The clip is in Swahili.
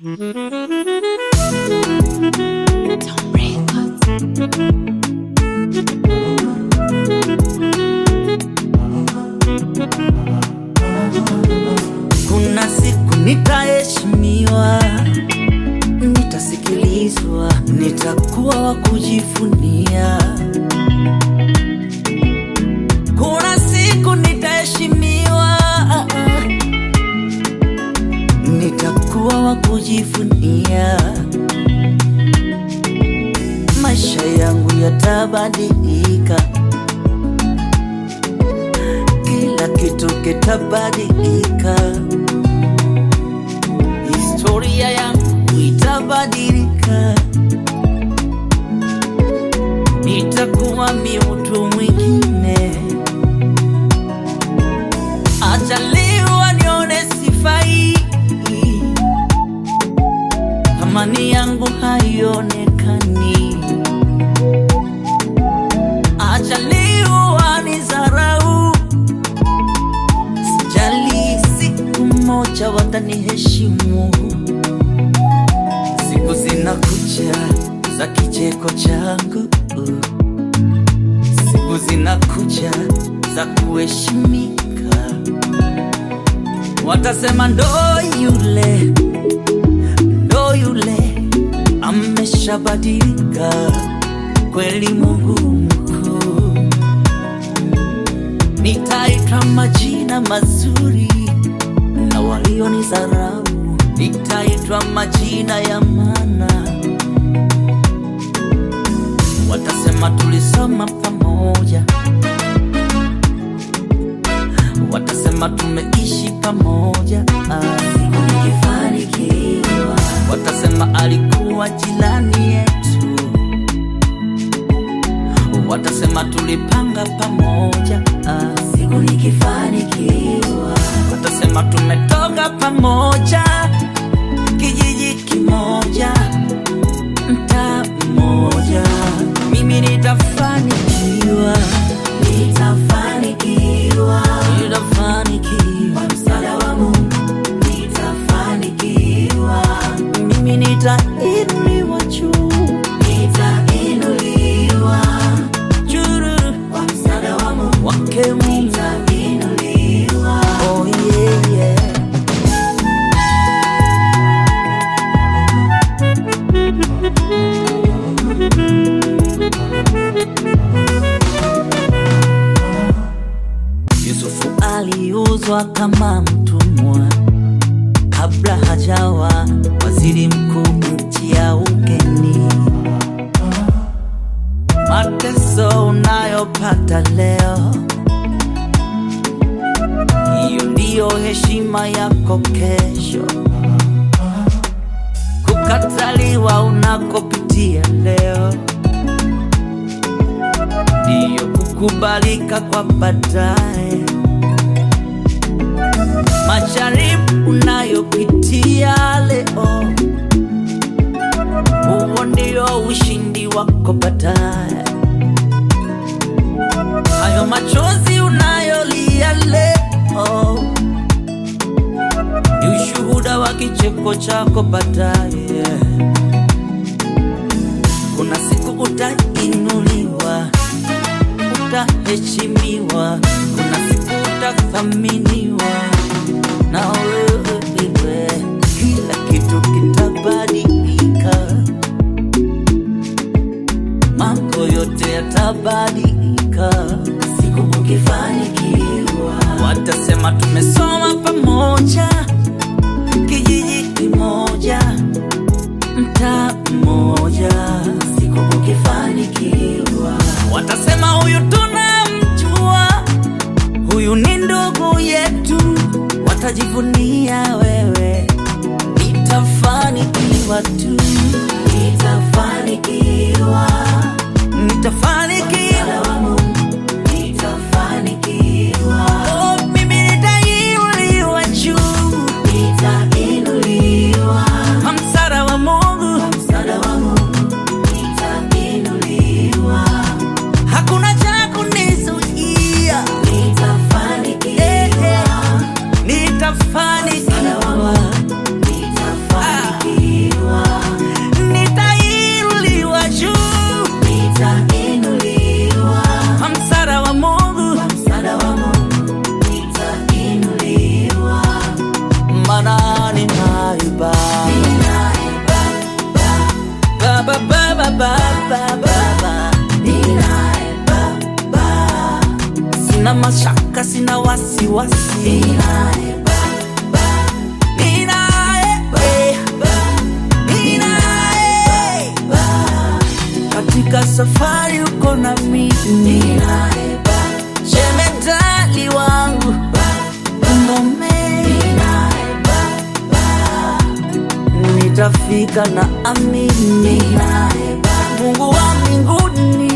Kuna siku nitaheshimiwa, nitasikilizwa, nitakuwa wa kujivunia kitabadilika, kila kitu kitabadilika, historia yangu itabadilika, nitakuwa mi mtu mwingine. Acha leo nione sifai, hii, thamani yangu haione yangu, siku zinakuja za kuheshimika, watasema ndo yule, ndo yule ameshabadilika kweli. Mungu mkuu, nitaita majina mazuri na walionidharau nitaitwa majina ya maana. kama tulisoma pamoja, watasema tumeishi pamoja, watasema alikuwa jirani yetu, watasema tulipanga pamoja, watasema tumetoka pamoja, kijiji kimoja alikuwa kama mtumwa kabla hajawa waziri mkuu nchi ya ugeni. Mateso unayopata leo, hiyo ndiyo heshima yako kesho. Kukataliwa unakopitia leo ndiyo kukubalika kwa baadaye majaribu unayopitia leo, huo ndio ushindi wako baadaye. Hayo machozi unayolia leo ni ushuhuda wa kicheko chako baadaye. Kuna siku utainuliwa, utaheshimiwa, kuna siku utathaminiwa utajivunia wewe, nitafanikiwa tu. Sina mashaka, sina wasiwasi, wasi. katika safari uko nami, ninaye Baba, jemedali wangu nitafika na amini, Mungu wa mbinguni